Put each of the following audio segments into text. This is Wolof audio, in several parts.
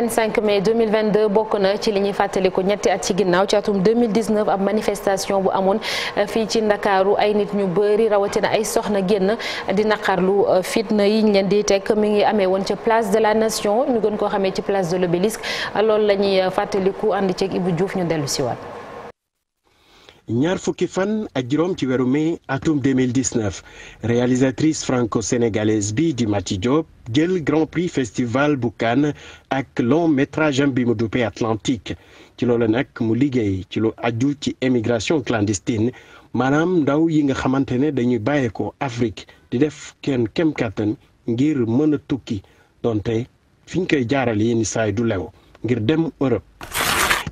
25 mai 2022 bokk na ci li ñuy fàttaliku ñetti at ci ginnaaw ci atum 2019 ab manifestation bu amoon euh, fii ci ndakaaru ay nit ñu bëri rawatina ay soxna génn euh, di naqarlu euh, fitna yi ñu leen di teg mi ngi amee woon ca place de la nation ñu gën koo xamee ci place de l'obélisque loolu la ñuy fàttaliku ànd ceeg Ibou Diouf ñu dellu si waat ñaar fukki fan ak juróom ci weeru mai atum 2019 réalisatrice franco-sénégalaise bi di Mati Diop jël grand prix festival bu Cannes ak long métrage am bi mu duppee Atlantique ci loolu nag mu liggéey ci lu aju ci émigration clandestine maanaam ndaw yi nga xamante ne dañuy bàyyeekoo Afrique di def kenn kem kàttan ngir mën a tukki donte fiñ ñu koy jaarale yenn saay du lew ngir dem Europe.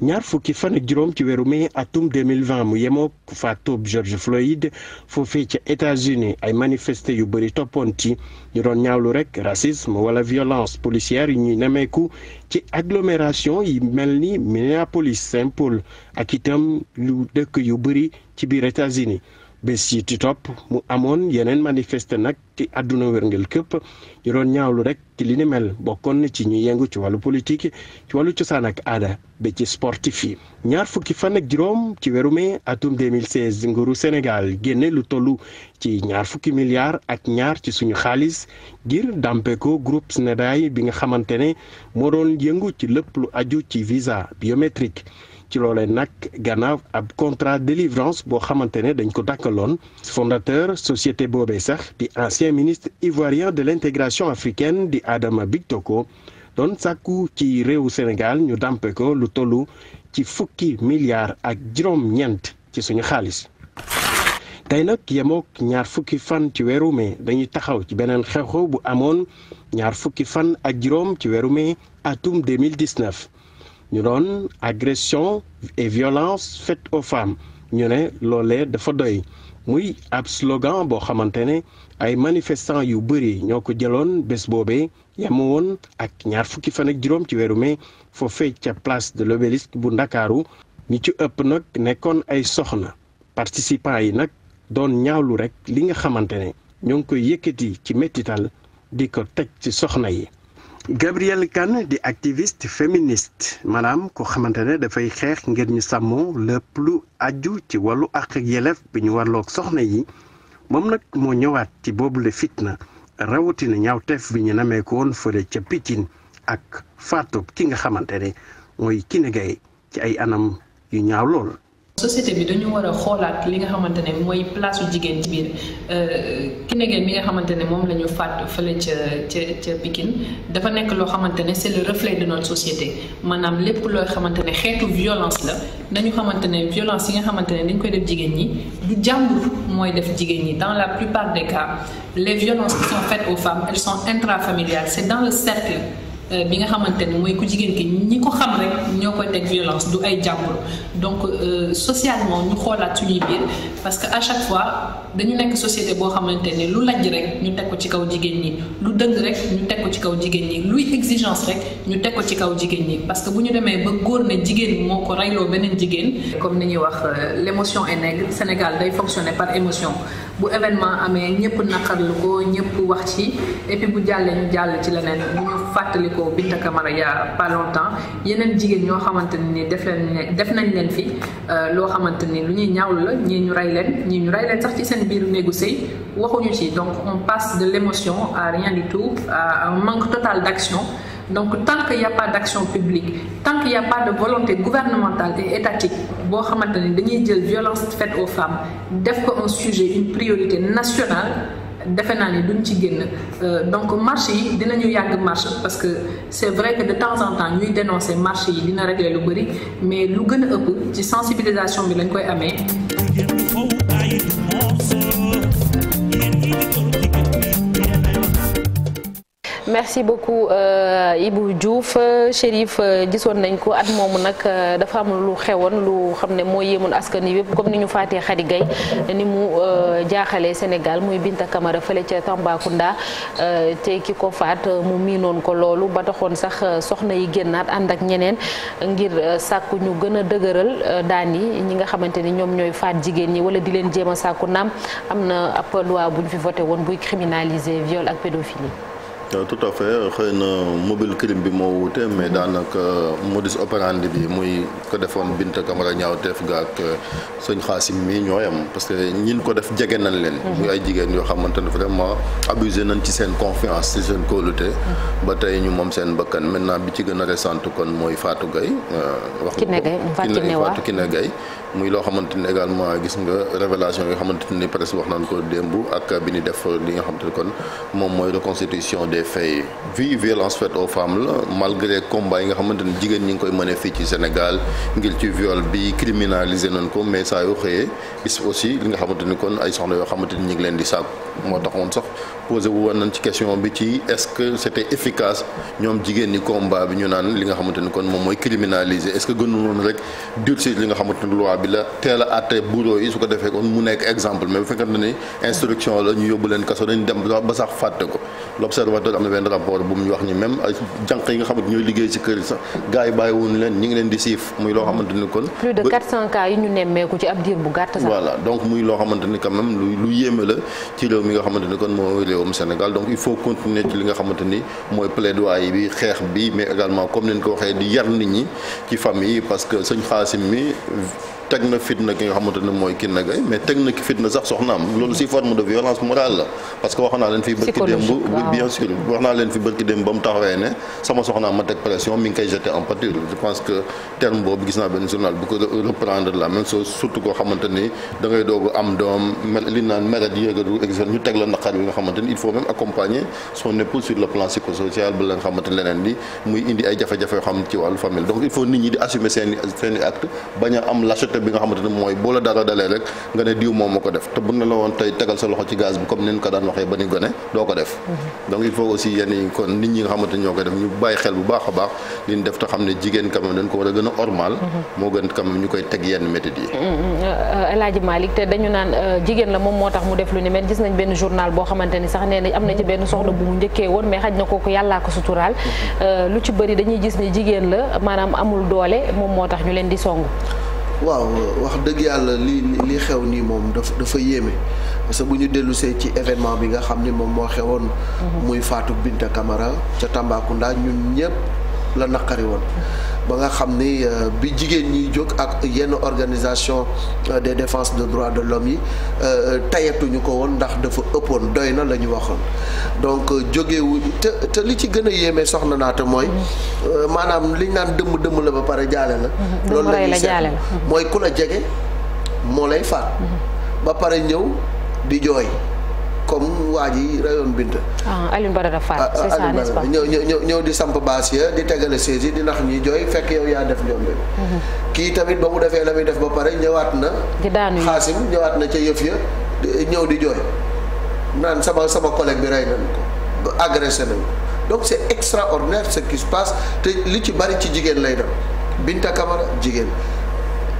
ñaar fukki fan juróom ci weeru mai atum 2020 mu yemoo ku faatub George Floyd foofee ca États-Unis ay manifesté yu bëri toppoon ci ñu doon ñaawlu rek racisme wala violence policière yi ñuy nemeeku ci agglomération yi mel ni Minneapolis Saint Paul ak itam lu dëkk yu bëri ci biir États-Unis bés yi ci topp mu amoon yeneen manifeste nag ci àdduna wërngël këpp ñu doon ñaawlu rek ci li ni mel bokkoon na ci ñu yëngu ci wàllu politique ci wàllu cosaan ak aada ba ci sportif yi. ñaar fukki fan ak juróom ci weeru mai atum 2016 nguuru Sénégal génne lu tollu ci ñaar fukki milliards ak ñaar ci suñu xaalis ngir dàmpe ko groupe Sénégal bi nga xamante ne moo doon yëngu ci lëpp lu aju ci visa biométrique. ci loolee nag gannaaw ab contrat délivrance boo xamante ne dañ ko dàkkaloon fondateur société boobee sax di ancien ministre ivoirien de l'intégration africaine di Adama Bitoko doon sàkku ci réewu Sénégal ñu dàmpe ko lu tollu ci fukki milliards ak juróom-ñeent ci suñu xaalis. tey nag yemook ñaar fukki fan ci weeru mai dañuy taxaw ci beneen xew-xew bu amoon ñaar fukki fan ak juróom ci weeru mai atum 2019 ñu doon agression et violence faite aux femme ñu ne loolee dafa doy muy ab slogan boo xamante ne ay manifestants yu bëri ñoo ko jëloon bés boobe yama woon ak ñaar fukki fan ak juróom ci weeru mai foofee ca place de l'obélisque bu ndakaaru ñi ci ëpp nag nekkoon ay soxna participants yi nag doon ñaawlu rek li nga xamante ne ñoo ngi koy yëkkati ci mettital di ko teg ci soxna yi Gabrielle Kane di activiste féministe maanaam ko xamante ne dafay xeex ngir ñu sàmmoo lépp lu aju ci wàllu àq ak yelef bi ñu wàllook soxna yi moom nag moo ñëwaat ci boobu la fitna rawatina ñaaw teef bi ñu namee fële ca Pikine ak faatub ki nga xamante ne mooy Kiné Gaye ci ay anam yu ñaaw lool. société bi dañu war a xoolaat li nga xamante ne mooy place u jigéen ci biir euh, ki negeen mi nga xamante ne moom la ñu fàtt fële ca ca ca Pikine dafa nekk loo xamante ne c'est le reflet de notre société maanaam lépp loo xamante ne xeetu violence la dañu xamante ne violence yi nga xamante ne dañ koy def jigéen ñi du jàmbur mooy def jigéen ñi dans la plupart des cas les violences qui sont faites aux femmes elles sont intrafamiliales c'est dans le cercle Euh, bi nga xamante ne mooy ku jigéen ki ñi ko xam rek ñoo ko teg violence du ay jàmbur donc euh, socialement ñu xoolaat suñuy biir parce que à chaque fois dañu nekk société boo xamante ni lu lajj rek ñu teg ko ci kaw jigéen ñi lu dëng rek ñu teg ko ci kaw jigéen ñi luy exigence rek ñu teg ko ci kaw jigéen ñi parce que bu ñu demee ba góor ne jigéen moo ko reyloo beneen jigéen comme ni ñuy wax euh, l'émotion est nègre Sénégal day fonctionner par émotion bu événement amee ñëpp lu ko ñëpp wax ci et bu jàllee ñu jàll ci leneen bu ñu fàttali ko Binta Camara il y a pas longtemps yeneen jigéen ñoo xamante ni def leen def nañ leen fi euh, loo xamante ni lu ñuy ñaawlu la ñii ñu rey leen ñii ñu rey leen sax ci seen biir néegu sëy waxuñu ci donc on passe de l'émotion à rien du tout à un manque total d'action donc tant qu'il n'y pas d'action publique tant qu'il n'y a pas de volonté gouvernementale et étatique boo xamante ne dañuy jël violence faite aux femmes def ko un sujet une priorité nationale defe naa ne duñ ci génn euh, donc marché yi dinañu yàgg marché parce que c'est vrai que de temps en temps ñuy dénoncer marché yi dina régler lu bëri mais lu gën ëpp ci sensibilisation bi lañ koy amee merci beaucoup euh, Ibou Diouf euh, Chérif euh, gisoon nañ ko at moomu nag dafa am lu xewoon lu xam ne moo yéemoon askan wi yëpp comme ni ñu faatee Khady Gaye ni mu jaaxalee Sénégal muy Binta Camara fale ca Tambacounda te ki ko faat mu miinoon ko loolu ba taxoon sax soxna yi génnaat ànd ak ñeneen ngir sàkku ñu gën a dëgëral daan yi ñi nga xamante ni ñoom ñooy faat jigéen ñi wala di leen jéem a sàkku naam am na ab loi bu ñu fi voté woon buy criminaliser viol ak pédophilie Euh, tout à fait xëy na mobile crime bi moo wuute mais daanaka modus operandi bi muy ko defoon Binta Camara ñaawteef ga ak euh, sëñ Xaasim mii ñooy am parce que ñin ko def jege nañ leen. Mhm. muy ay jigéen yoo xamante ne vraiment abusé nañ ci seen confiance ci seen kóolute. Mhm. ba tey ñu moom seen bakkan maintenant bi ci gën a récente kon mooy Fatou Gueye. Euh, wax nga ko Kiné Gueye Fatou muy loo xamante ni également gis nga révélation yoo xamante ni presque moom mooy reconstitution des faits vie violence faite aux femmes la yi nga xamante ni jigéen ñi ngi koy mënee fii ci Sénégal ngir ci viol bi criminalisé nañ ko mais saa yoo xëyee gis aussi li nga xamante ni kon ay soxna yoo xamante ni ñu ngi leen di sàkku moo taxoon bi ci est-ce que c'était li nga xamante ni kon moom mooy criminalisé est-ce que gënu noonu rek durcir li nga xamante ni loi bi la teel a àtte bureau yi su ko defee kon mu nekk exemple mais bu fekkente ni instruction la ñu yóbbu leen kaso dañu dem ba sax fàtte ko l' observateur am na benn rapport bu mu wax ni même ay yi nga xamante ni kon. plus de 400 yi ñu nemmeeku ci ab bu gàtt sax. voilà donc muy loo xamante ni quand lu yéeme la ci réew mi nga xamante ni kon mooy réewum Sénégal donc il faut continuer ci li nga xamante ni mooy plaidoyer bi xeex bi mais également comme ni ko waxee di teg na fitna ki nga xamante ne mooy Kiné Gaye mais teg na fitna sax soxnaam loolu si forme de violence morale la parce que wax naa leen fi bërki ba mu taxawee ne sama soxnaam ma teg pression mi ngi koy jeter en pâture je pense que bi nga xamante il faut même accompagner son épouse sur le plan psychosocial ba la nga xamante leneen li muy indi ay jafe-jafe yoo xam ci wàllu famille donc il faut nit ñi di assumer seen acte bañ am lâcheté sécurité bi ne mooy boo la dara dalee rek nga ne diw moom moo ko def te na la woon tey tegal sa loxo ci gaz bi comme ni ñu ko daan waxee ba ni gone doo ko def mhm. donc il faut aussi yenn kon nit ñi nga xamante ñoo koy def ñu bàyyi xel bu baax a baax li ñu def te xam ne jigéen quand même ko war a gën a ormal mhm. moo gën quand ñu koy teg yenn métit yi mm, mm, mm, euh, El Hadji te dañu naan euh, jigéen la moom moo tax mu def lu ni mel gis nañ benn journal boo xamante ni sax nee na am na ci benn soxna bu mu njëkkee woon mais xaj na kooku yàllaa ko suturaal mhm. euh, lu ci bëri dañuy gis ni moo tax ñu leen di songu waaw wax dëgg yàlla li lii xew nii moom dafa dafa yéeme sa que bu ñu dellusee ci événement bi nga xam ni moom moo xewoon. Mhm. muy Fatou Binta Camara ca Tambacounda ñun ñëpp. la naqari woon ba nga xam ni euh, bi jigéen ñi jóg ak yenn organisation euh, des défenses de droits de l'homme yi euh, tayatuñu ko woon ndax dafa ëppoon doy na la ñu waxoon donc jógewu te te li ci gën a yéeme soxna naata mooy mm-hmm. maanaam liñ naan dëmm dëmm la ba pare jaale la mm-hmm. loolu la ñuy mm-hmm. mooy ku la jege moo lay faat ba pare ñëw di jooy comme waa ji rayoon Binta. ah Alioune Badara Fall. Ah, ah, c'est ça n'est-ce pas ñëw ñëw ñëw di samp baas ya di tegale sees di nax ñuy jooy fekk yow yaa def njombe mhm. kii tamit ba mu defee la muy def ba pare ñëwaat na. di daanu xaasim ñëwaat na ca yëf ya ñëw di jooy naan sama sama collègue bi rey nañ ko agressé nañ ko donc c'est extraordinaire ce qui se passe te li ci bari ci jigéen lay dem Binta Camara jigéen.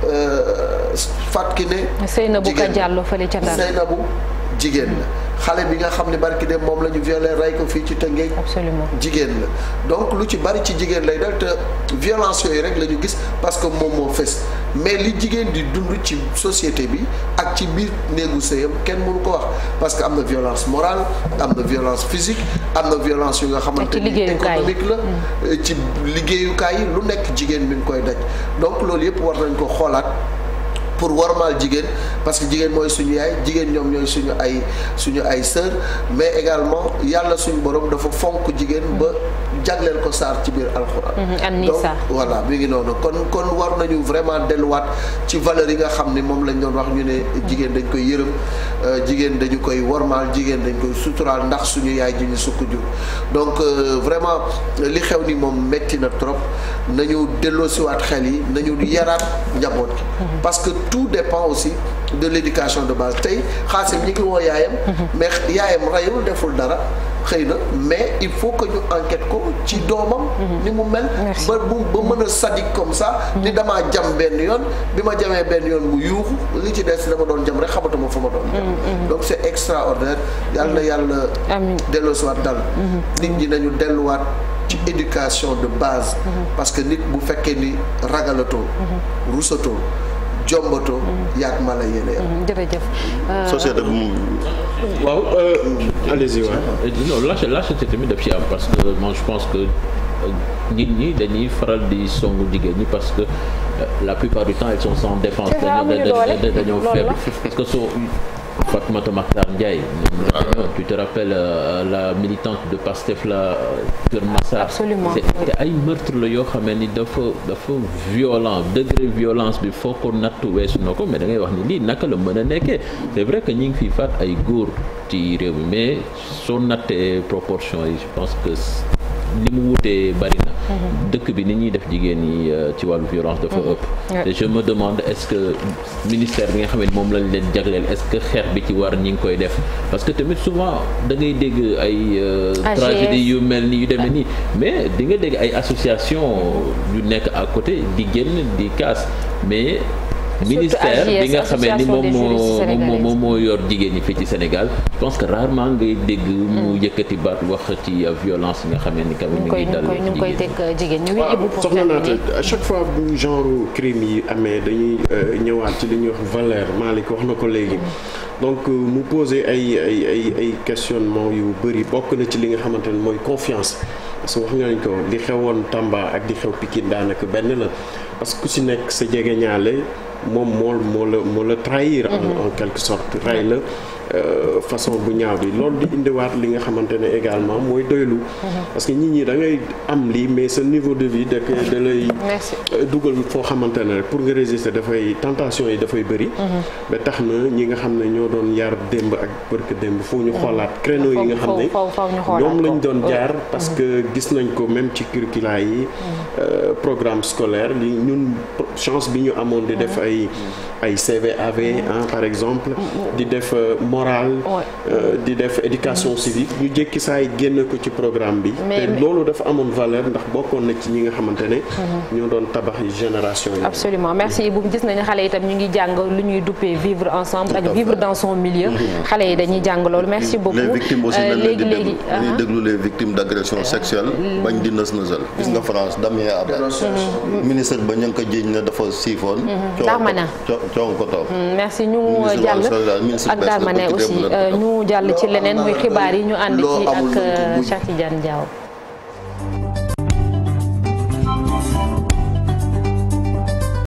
Euh, Fatou Kiné. jigéen Seynabou Ka Diallo fële ca Ndar Seynabou jigéen la. xale bi nga xam ne barki dem moom la ñu violé rey ko fii ci Tëngéej jigéen la donc lu ci bari ci jigéen lay dal te violence yooyu rek la ñu gis parce que moom moo fës mais li jigéen di dund ci société bi ak ci biir néegu sëyam kenn mënu ko wax parce que am na violence morale am na violence physique am na violence yu nga xamante ni économique la mm. ci liggéeyukaay yi lu nekk jigéen mi ngi koy daj donc loolu yëpp war nañ ko xoolaat pour warmaal jigéen parce que jigéen mooy suñu yaay jigéen ñoom ñooy suñu ay suñu ay sœur mais également yàlla suñu borom dafa fonk jigéen ba jagleel ko saar ci biir alxuraan. Mhm, donc voilà mi ngi noonu kon kon war nañu vraiment delluwaat ci valeur yi nga xam ni moom lañ doon wax ñu ne jigéen dañ koy yërëm euh, jigéen dañu koy wormaal jigéen dañ koy suturaal ndax suñu yaay ji ñu sukk jur donc euh, vraiment li xew ni moom metti na trop nañu delloosiwaat xel yi nañu yaraat njaboot gi mhm. parce que tout dépend aussi de l'éducation de base tey Xaasim ñi ngi woo yaayam mhm. mais yaayam rayul deful dara xëy na mais il faut que ñu enquête ko ci doomam. Mhm. ni mu mel. ba ba mën a sadique comme ça. Mhm. ni damaa jam benn yoon bi ma jamee benn yoon bu yuuxu li ci des dama doon jam rek xamatuma fa ma doon jam. Mhm, donc c'est extraordinaire yàlla na yàlla. amiin delloosiwaat dal. nit ñi nañu delluwaat. ci éducation de base. parce que nit bu fekkee ni ragalatoo. rusatoo. jombato mhm. yaag mala yéene yam mhm, jërëjëf société bi moom waaw euh, allez-y waay non mi lâcheté tamit parce que euh, moi je pense que euh, nit ñi dañuy faral di songu jigéen ñi parce que la plupart du temps elles sont sans défense dañoo faible parce que soo Fatmata Maktar Ndiaye. tu te rappelles euh, la militante de Pastef la euh, Kër Massar. te ay meurtre la yoo xamee ni dafa dafa violent degré violence bi foo ko natt weesu na ko mais da ngay wax ni lii naka la mën a nekkee c'est vrai que ñi ngi fi faat ay góor ci réew mi mais soo nattee proportion yi je pense que ni mu wutee bari dëkk bi ni ñuy def jigéen yi euh, ci wàllu violence dafa mhm. ëpp te je me demande est-ce que ministère bi nga xam ne moom lañ leen jagleel est-ce que xeex bi ci war ñi ngi koy def parce que tamit souvent dangay dégg ay euh, tragédie yu mel ni yu deme nii mais di nga dégg ay association yu nekk à côté di génn di kaas mais ministère li nga xamee ni moom moo moom moo yor jigéen ñi fii ci Sénégal je pense que rarement ngay dégg mu mm. yëkkati baat wax ci violence yi nga xamee ni quand même ngi dal ñu ngi koy teg jigéen ñi waaw soxna naata à chaque fois bu genre crime yi amee dañuy euh, ñëwaat ci li ñuy wax valeur Malick wax na ko léegi donc euh, mu poser ay ay ay ay questionnement yu bëri bokk na ci li nga xamante ne mooy confiance parce que wax nga nañ ko li xewoon Tamba ak di xew Pikine daanaka benn la parce que ku si nekk sa ñaale moom mool moo la moo la trahir en mhm. quelque sorte ray la Euh, façon bu ñaaw bi loolu di indiwaat li nga xamante ne également mooy doylu mhm. parce que nit ñi da am lii mais sa niveau de vie da da lay euh, dugal foo xamante ne rek pour nga résister dafay tentation yi dafay bëri mhm. ba tax na ñi nga xam ne ñoo doon yar démb ak bërk démb foo ñu mhm. xoolaat créneau yi nga xam ne ñoom lañ doon jaar parce que gis nañ ko même ci curricula yi euh, programme scolaire li ñun chance bi ñu amoon di def ay ay CVAV par exemple di def morale. Euh, di def éducation civique ñu jékki saa yi génn ko ci programme bi. te loolu dafa amoon valeur ndax bokkoon na ci ñi nga xamante mhm. ñoo doon tabax génération yi. absolument merci bu gis nañu xale itam ñu ngi jàng mhm. loolu merci beaucoup. Euh, léegi léegi dañuy uh-huh. déglu les victimes d' euh, sexuelle. bañ di nës nësal. Mm. gis nga France Damien Abel. Mm-hmm. ministre ba ña ko na dafa siifoon. Mm-hmm. coow ko toog mm, merci ñu jàll ak Darmanin aussi euh, ñu jàll ci leneen muy xibaar yi ñu ànd ci ak euh, Cheikh Tidiane Diaw